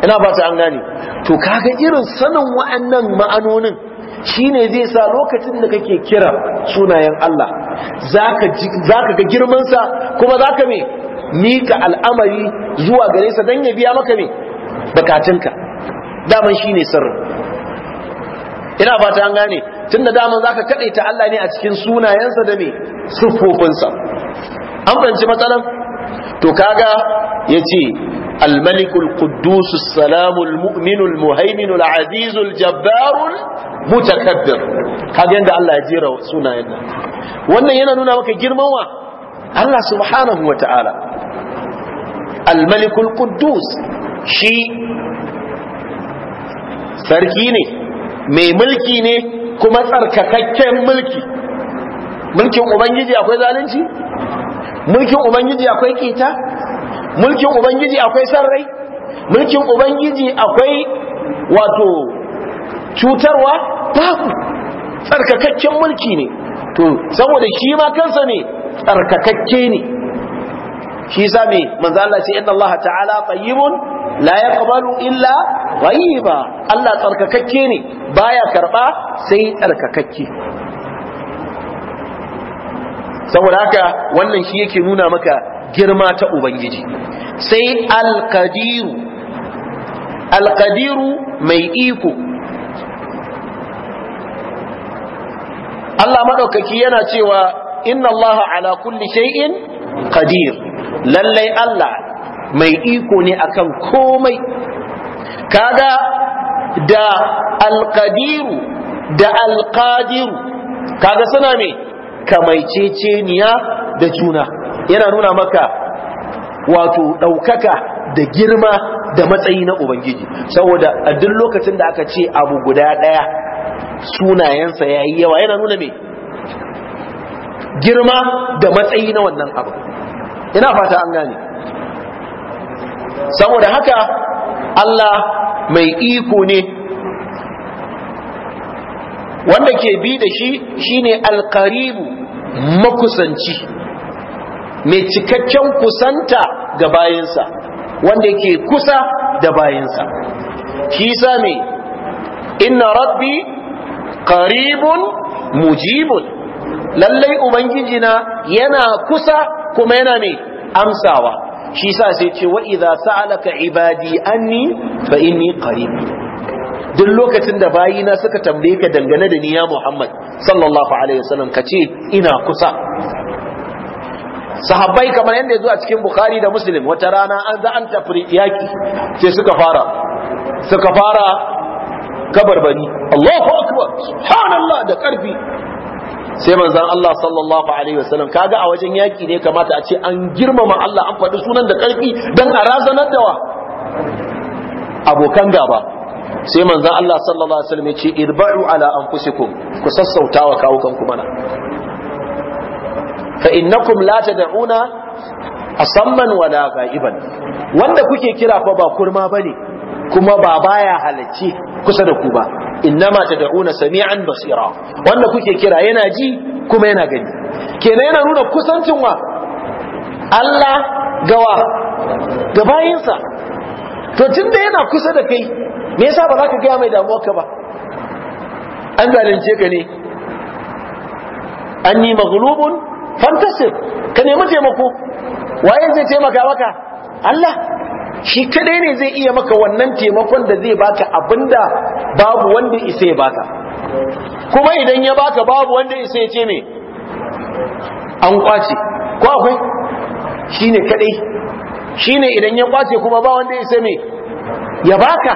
S1: ina ba su an gane to kaga irin sanin wa'annan ma'anonin shine zai sa lokacin da kake kira sunayen Allah zaka ga girman sa kuma zaka me mika al'amari zuwa gare sa dan ya biya maka me bukatunka daman shine sirri ina ba ta an gane tunda daman zaka kadaita Allah ne a cikin sunayensa da mai siffofinsa an fahimci matsalan to kaga yace الملك القدوس السلام المؤمن المهيمن العزيز الجبار المتكبر kaga yanda Allah ya jera sunayen nan wannan yana nuna maka girman wa Allah subhanahu wataala al-malik al-quddus shi sarki ne mai mulki ne kuma tsarkakakken mulki mulkin ubangiji akwai zalunci mulkin ubangiji akwai kita mulkin ubangiji akwai sarrai, mulkin ubangiji akwai wato cutarwa babu tsarkakakken mulki ne to saboda shi ma kansa ne tsarkakakke ne shi sa me manzo Allah ce inna Allah ta'ala tayyibun la yaqbalu illa tayyiba Allah tsarkakakke ne baya karba sai tsarkakakke saboda haka wannan shi yake nuna maka girma ta ubangiji sai alkadiru alkadiru mai iko Allah maɗaukaki yana cewa inna Allah ala kulli shay'in qadir lallai Allah mai iko ne akan komai kaga da alkadiru da alkadiru kaga suna ne kamaiceceniya da juna yana nuna maka wato ɗaukaka da girma da matsayi na ubangiji saboda a duk lokacin da aka ce abu guda ɗaya sunayensa ya yi yawa yana nuna me girma da matsayi na wannan abu ina fata an gane saboda haka Allah mai iko ne wanda ke bi da shi shine alkaribu makusanci mai cikakken kusanta ga bayinsa wanda yake kusa da bayinsa kisa ne inna rabbi qaribun mujibun lallai ubangijina yana kusa kuma yana ne amsawa shi sa sai ce wa idza sa'alaka ibadi anni fa inni qarib duk lokacin da bayina suka tambaye ka dangane da ni ya Muhammad sallallahu alaihi wasallam kace ina kusa sahabbai kamar yadda ya zo a cikin bukhari da muslim wata rana an za an tafi yaki sai suka fara suka fara kabarbani Allahu akbar subhanallah da karfi sai manzon Allah sallallahu alaihi wasallam kaga a wajen yaki ne kamata a ce an girmama Allah an faɗi sunan da karfi dan a razanar da wa abokan gaba sai manzon Allah sallallahu alaihi wasallam ya ce irba'u ala anfusikum ku sassauta wa kawukan ku mana fa innakum la tad'una asamman wala ga'iban wanda kuke kira fa ba kurma bane kuma ba baya halacci kusa da ku ba innama tad'una sami'an basira wanda kuke kira yana ji kuma yana gani kenan yana nuna kusancin wa Allah gawa ga bayinsa to tunda yana kusa da kai me yasa ba za ka gaya mai ka ba an zalunce ka ne anni maghlubun fantastic ka nemi taimako waye zai taimaka maka Allah shi kadai ne zai iya maka wannan taimakon da zai baka abinda babu wanda isa ya baka kuma idan ya baka babu wanda isa ya ce me an kwace ko akwai shine kadai shine idan ya kwace kuma ba wanda isa me ya baka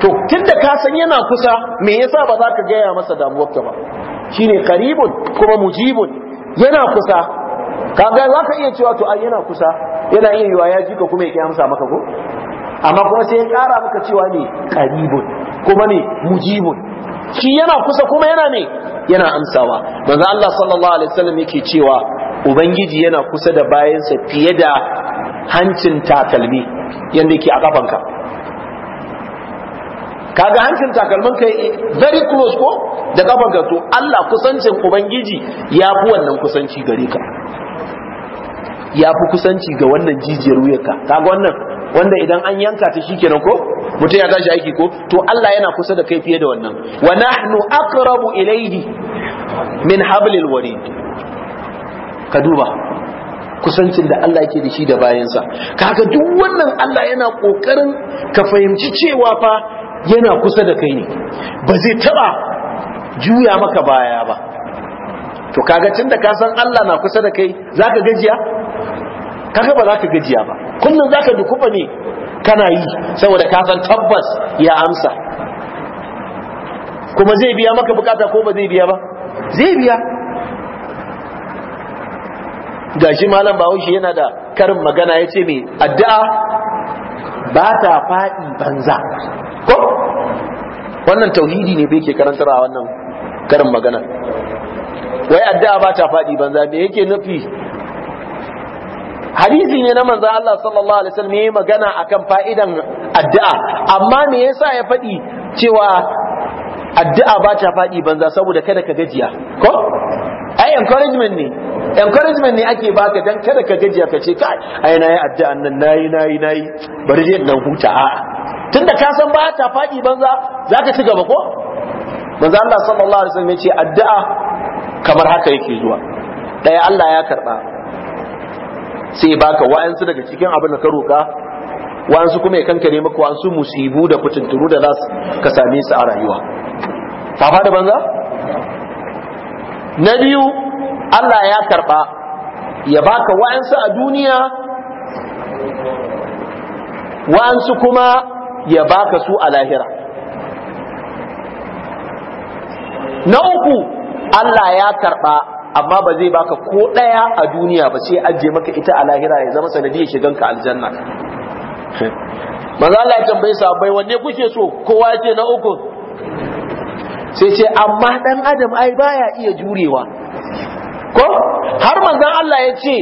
S1: to tunda ka san yana kusa me yasa ba za ka gaya masa damuwarka ba shine qaribun kuma mujibun yana kusa kaga za ka iya cewa to ai yana kusa yana iya yiwa ya jika ka kuma yake amsa maka ko amma kuma sai ya kara maka cewa ne qaribun kuma ne mujibun shi yana kusa kuma yana ne yana amsawa manzo Allah sallallahu alaihi wasallam yake cewa ubangiji yana kusa da bayansa fiye da hancin takalmi yanda yake a kafanka kaga hancin takalmin kai very close ko da kafan ka to Allah kusancin ubangiji ya fi wannan kusanci gare ka ya fi kusanci ga wannan jijiyar wuyarka kaga wannan wanda idan an yanka ta shikenan ko mutum ya tashi aiki ko to Allah yana kusa da kai fiye da wannan wa nahnu aqrabu ilayhi min hablil warid ka duba kusancin da Allah yake da shi da bayansa kaga duk wannan Allah yana kokarin ka fahimci cewa fa yana kusa da kai ne ba zai taba juya maka baya ba to kaga tunda ka san Allah na kusa da kai zaka gajiya kaga ba ka gajiya ba kullun zaka dukuba ne kana yi saboda ka san tabbas ya amsa kuma zai biya maka bukata ko ba zai biya ba zai biya gashi malam bahaushe yana da karin magana ya ce mai addu'a ba ta faɗi banza ko wannan tauhidi ne bai ke karantar a wannan karin magana wai addu'a ba ta faɗi banza me yake nufi hadisi ne na manzo Allah sallallahu alaihi wasallam yayi magana akan fa'idan addu'a amma me yasa ya faɗi cewa addu'a ba ta faɗi banza saboda kada ka gajiya ko ai encouragement ne encouragement ne ake baka dan kada ka gajiya ka ce kai ai nayi addu'an nan nayi nayi nayi bari je dan huta a'a tunda ka san ba ta fadi banza zaka ci gaba ko manzo Allah sallallahu alaihi wasallam ya ce addu'a kamar haka yake zuwa daya Allah ya karba sai baka wa'ansu daga cikin abin da ka roka wa'ansu kuma ya kankare maka wa'ansu musibu da kutunturu da za ka same su a rayuwa ta fada banza na biyu Allah ya karba ya baka wa'ansu a duniya wa'ansu kuma ya baka su a lahira na uku Allah ya karɓa amma ba zai baka ko ɗaya a duniya ba sai ajiye maka ita a lahira ya zama sanadiyar shiganka aljanna maza Allah ya tambaye sahabbai wanne kuke so kowa ce na uku sai ce amma ɗan adam ai baya iya jurewa ko har manzon Allah ya ce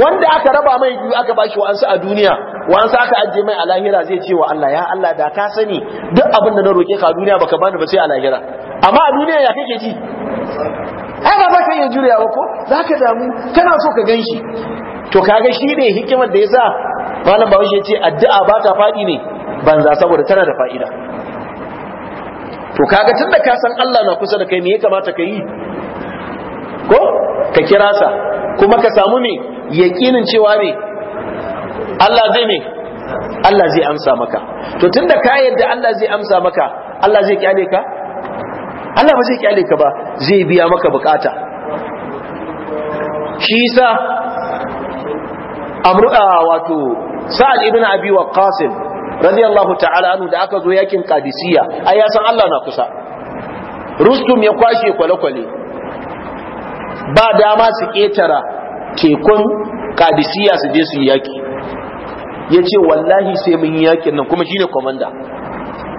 S1: wanda aka raba mai biyu aka bashi wa'ansu a duniya wa'ansu aka ajiye mai a lahira zai ce wa Allah ya Allah da ka sani duk abin da na roke ka a duniya baka bani ba sai a lahira amma a duniya ya kake ji ai ba ka iya juriya ba ko zaka damu kana so ka ganshi to kaga shi ne hikimar da yasa malam Bahaushe ya ce addu'a ba ta fadi ne banza saboda tana da fa'ida to kaga tunda ka san Allah na kusa da kai me ya kamata ka yi ko ka kira sa kuma ka samu me yakinin cewa ne Allah zai me Allah zai amsa maka to tunda ka yadda Allah zai amsa maka Allah zai kyale ka Allah ba zai kyale ka ba zai biya maka bukata shi sa amru wato sa'ad ibn abi waqqasim radiyallahu ta'ala anhu da aka zo yakin qadisiyya ai ya san Allah na kusa rustum ya kwashe kwale-kwale ba dama su ƙetara tekun kadisiya su je su yaki ya ce wallahi sai mun yi yakin nan kuma shi ne komanda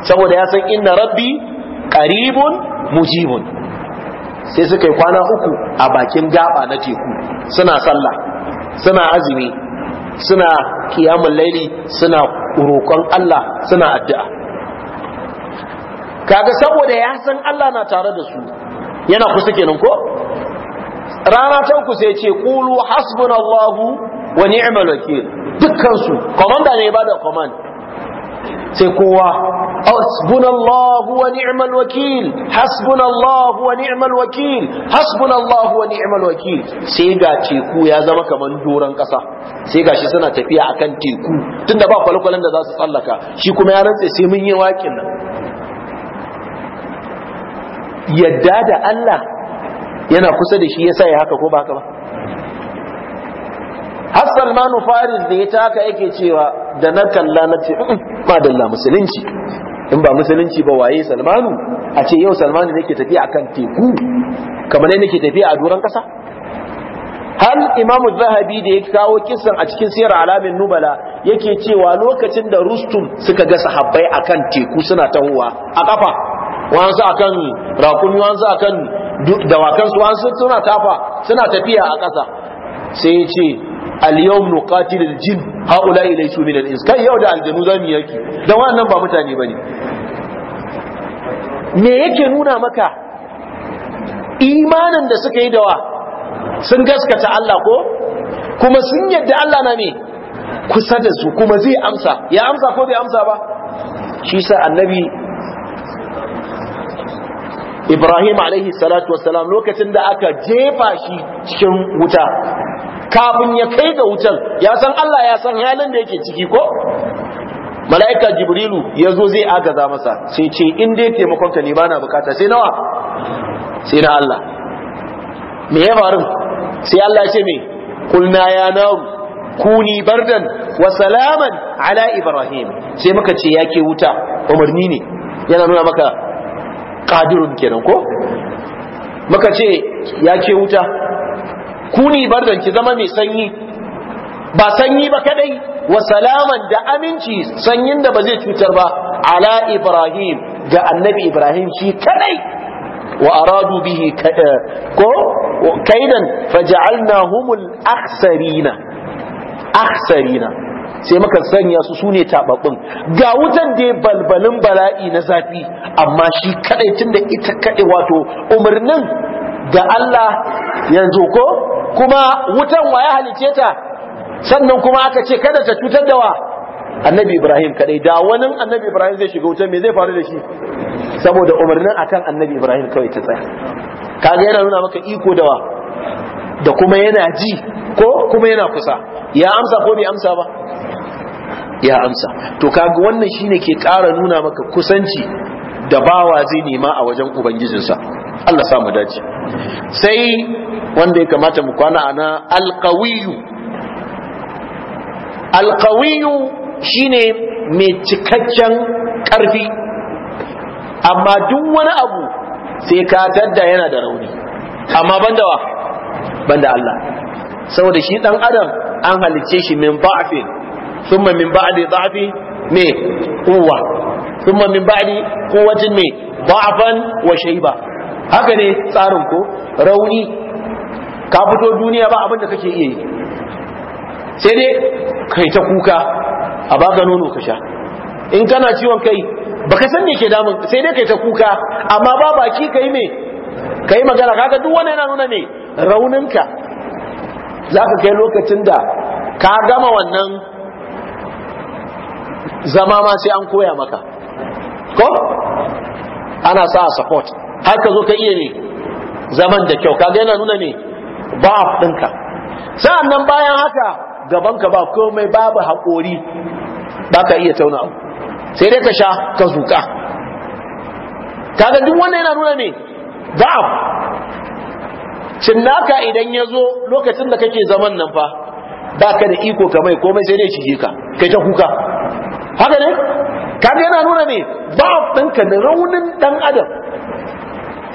S1: saboda ya san inna rabbi qaribun mujibun sai suka yi kwana uku a bakin gaba na teku suna sallah suna azumi suna kiyamul laili suna roƙon Allah suna addu'a kaga saboda ya san Allah na tare da su yana kusa kenan ko rana ta uku sai ce qulu hasbunallahu wa ni'mal wakil dukkan su komanda ne ba da command sai kowa hasbunallahu wa ni'mal wakil hasbunallahu wa ni'mal wakil hasbunallahu wa ni'mal wakil sai ga teku ya zama kaman doran kasa sai gashi suna tafiya akan teku tunda ba kwalkwalan da za su tsallaka shi kuma ya rantse sai mun yi waƙin. nan yadda da Allah yana kusa da shi sa ya haka ko ba haka ba har salmanu faris da ya taka yake cewa da na kalla na ce ba mm, la musulunci in ba musulunci ba waye salmanu a ce yau salmanu ke tafiya akan teku kamar ne ke tafiya a doron kasa hal imamu zahabi da ya kawo kisan a cikin siyar alamin nubala yake cewa lokacin da rustum suka ga sahabbai akan teku suna tahowa a kafa wanzu akan rakuni, wanzu akan dawakan su an suna tafa suna tafiya a ƙasa sai ya ce al-yawm nuqatil al-jin haula ilaysu min al-ins kai yau da aljanu mu yaki dan wannan ba mutane bane me yake nuna maka imanin da suka yi dawa sun gaskata Allah ko kuma sun yadda Allah na ne kusa da su kuma zai amsa ya amsa ko bai amsa ba shi sa annabi Ibrahim alaihi salatu wassalam lokacin da aka jefa shi cikin wuta kafin ya kai ga wutar ya san Allah ya san halin da yake ciki ko mala'ika jibrilu ya zo zai agaza masa sai ce in dai taimakon ka ne ba na bukata sai nawa sai na Allah me ya faru sai Allah ya ce me kulna ya nau kuni bardan wa salaman ala ibrahim sai muka ce yake wuta umarni ne yana nuna maka qadirun kenan ko muka ce ya ke wuta kuni bardan ki zama mai sanyi ba sanyi ba kadai wa salaman da aminci sanyin da ba zai cutar ba ala ibrahim ga annabi ibrahim shi kadai wa aradu bihi eh, ko kaidan faj'alnahumul akhsarina akhsarina sai maka sanya su sune tababbun ga wutan da balbalin bala'i na zafi amma shi kadai da ita kadai wato umarnin da Allah yanzu ko kuma wutan waya halice ta sannan kuma aka ce kada ta cutar da wa annabi Ibrahim kadai da wani annabi Ibrahim zai shiga wutan me zai faru da shi saboda umarnin akan annabi Ibrahim kawai ta tsaya kaga yana nuna maka iko da wa da kuma yana ji ko kuma yana kusa ya amsa ko bai amsa ba ya amsa to kaga wannan shine ke ƙara nuna maka kusanci da bawa zai nema a wajen ubangijinsa Allah samu dace sai wanda ya kamata mu kwana ana alqawiyu alqawiyu shine mai cikakken ƙarfi amma duk wani abu sai ka tadda yana da rauni amma banda wa banda Allah saboda shi dan adam an halicce shi min ba'fin thumma min ba'di dha'fi me quwwa thumma min ba'di quwwatin me dha'fan wa shayba haka ne tsarin ko rauni ka fito duniya ba abin da kake iya yi sai dai kai ta kuka a baka nono ka sha in kana ciwon kai baka san me ke damun sai dai kai ta kuka amma ba baki kai me kai magana kaga duk wani yana nuna me rauninka zaka kai lokacin da ka gama wannan zama ma sai an koya maka ko ana sa support har ka zo ka iya ne zaman da kyau kaga yana nuna ne ba ɗinka sa'an nan bayan haka gaban ka ba komai babu haƙori ba ka iya tauna abu sai dai ka sha ka zuƙa kaga duk wannan yana nuna ne da'af cinnaka idan ya zo lokacin da kake zaman nan fa ba ka da iko ka mai komai sai dai shige ka kai ta kuka haka ne kaga yana nuna ne ba ɗinka da raunin ɗan adam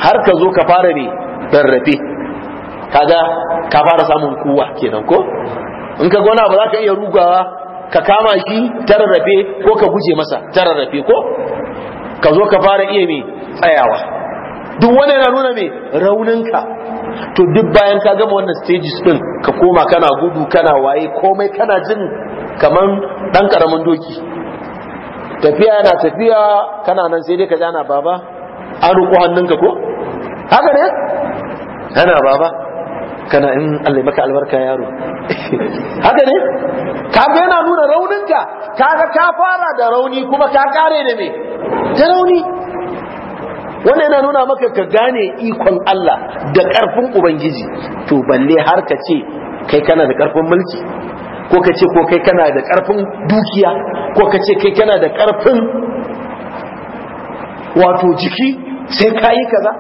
S1: har ka zo ka fara ne rarrafe kaga ka fara samun kuwa kenan ko in ka gona ba za ka iya rugawa ka kama shi ta rarrafe ko ka guje masa ta rarrafe ko ka zo ka fara iya mai tsayawa duk wanda yana nuna raunin ka? to duk bayan ka gama wannan stages din ka koma kana gudu kana waye komai kana jin kaman ɗan karamin doki tafiya yana tafiya kana nan sai dai ka ana baba an ruku hannunka ko haka ne ana baba kana in Allah maka albarka yaro haka ne Ka ga yana nuna rauninka ga ka fara da rauni kuma ka kare da me da rauni wannan yana nuna maka ka gane ikon Allah da karfin ubangiji to balle har ka ce kai kana da karfin mulki ko ka ce ko kai kana da karfin dukiya ko ka ce kai kana da karfin wato jiki sai ka yi kaza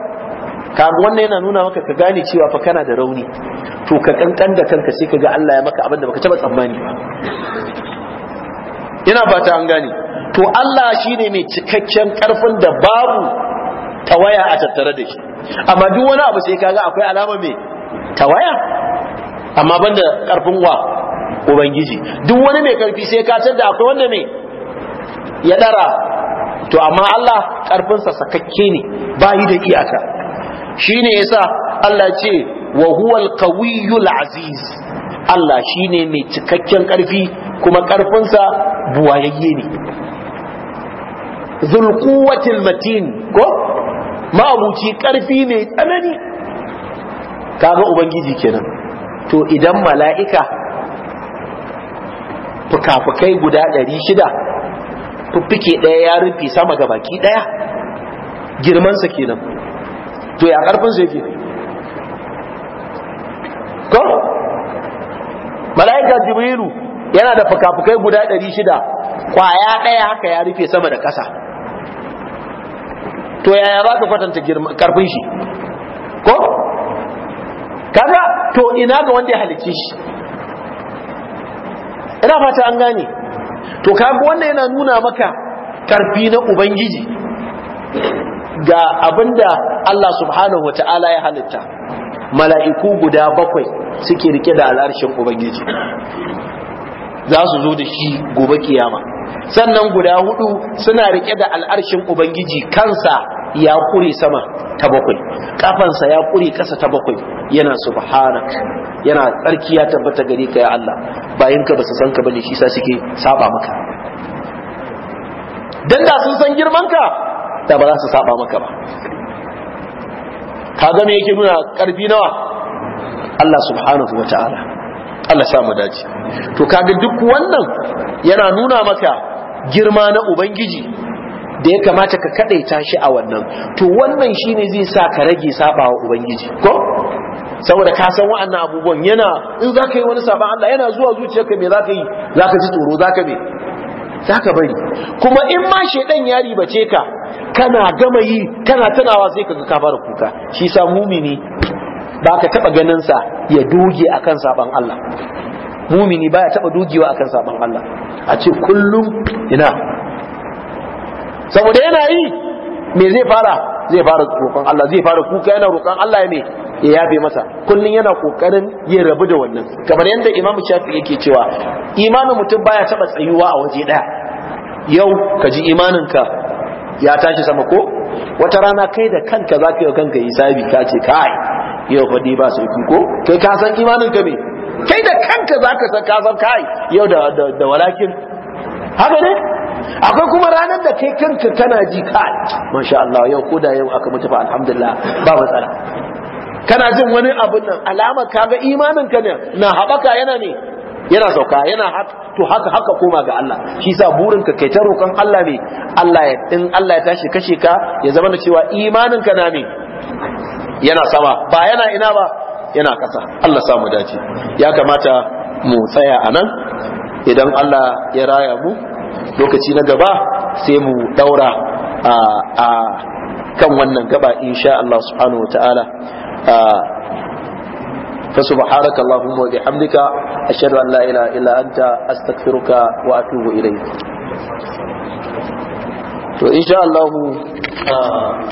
S1: ka wannan yana nuna maka ka gane cewa fa kana da rauni to ka kankan da kanka sai ka ga Allah ya maka abin da baka taba tsammani ba ina fata an gane to Allah shine mai cikakken karfin da babu tawaya a tattare da shi amma duk wani abu sai ka ga akwai alama mai tawaya amma banda karfin wa ubangiji duk wani mai karfi sai ka da akwai wanda mai ya dara to amma Allah karfinsa sakakke ne bayi da iyaka shine yasa Allah ce wa huwal qawiyul aziz Allah shine mai cikakken karfi kuma karfinsa buwayayye ne zul quwwatil matin ko ma'abuci karfi mai tsanani kaga ubangiji kenan to idan mala'ika fukafukai guda ɗari shida fiffike ɗaya ya rufe sama ga baki ɗaya girmansa kenan to ya ƙarfin sa ke. ko mala'ika jibrilu yana da fukafukai guda ɗari shida kwaya ɗaya haka ya rufe sama da ƙasa to yaya za ka kwatanta ƙarfin shi ko kaga to ina ga wanda ya halicce shi ina fata an gane to kaga wannan yana nuna maka karfi na ubangiji ga abinda Allah subhanahu wata'ala ya halitta mala'iku guda bakwai suke rike da al'arshin ubangiji za su zo da shi gobe kiyama sannan guda hudu suna rike da al'arshin ubangiji kansa ya kuri sama ta bakwai kafansa ya kuri kasa ta bakwai yana subhanak yana tsarki ya tabbata gare ka ya Allah bayan ka basu san ka bane shi sa suke saba maka dan da sun san girman ka da ba za su saba maka ba kaga me yake nuna karfi nawa Allah subhanahu wataala Allah sa mu dace to kaga duk wannan yana nuna maka girma na ubangiji da ya kamata ka kadaita shi a wannan to wannan shine zai sa ka rage sabawa ubangiji ko saboda ka san wa'annan abubuwan yana in zaka yi wani saban Allah yana zuwa zuciyarka me zaka yi zaka ji tsoro zaka me zaka bari kuma in ma shedan ya ribace ka kana gama yi kana tunawa sai ka ga ka fara kuka shi sa mumini ba ka taba ganin sa ya doge akan saban Allah mumini baya taba dogewa akan saban Allah a ce kullum ina saboda yana yi me zai fara zai fara roƙon Allah zai fara kuka yana roƙon Allah ne ya yafe masa kullun yana kokarin ya rabu da wannan kamar yadda Imam Shafi yake cewa imanin mutum baya taba tsayuwa a waje daya yau ka ji imaninka ya tashi sama ko wata rana kai da kanka za ka yi kanka hisabi ka ce kai yau faɗi ba sauki ko kai ka san imaninka me kai da kanka za ka san ka san kai yau da walakin haka ne akwai kuma ranar da kai kanka kana ji kai masha Allah yau ko da yau aka mutu fa alhamdulillah ba matsala kana jin wani abun nan alama kaga imanin ka ne na haɓaka yana ne yana sauka yana to haka haka koma ga Allah shi sa burin ka kai ta roƙon Allah ne Allah ya in Allah ya tashi kashe ka ya zama da cewa imanin ka na ne yana sama ba yana ina ba yana ƙasa Allah samu dace ya kamata mu tsaya anan idan Allah ya raya mu lokaci na gaba sai mu daura a kan wannan gaba insha Allah subhanahu wataala fa subhanaka allahumma wa bihamdika ashhadu an la ilaha illa anta astaghfiruka wa atubu ilayk to insha Allah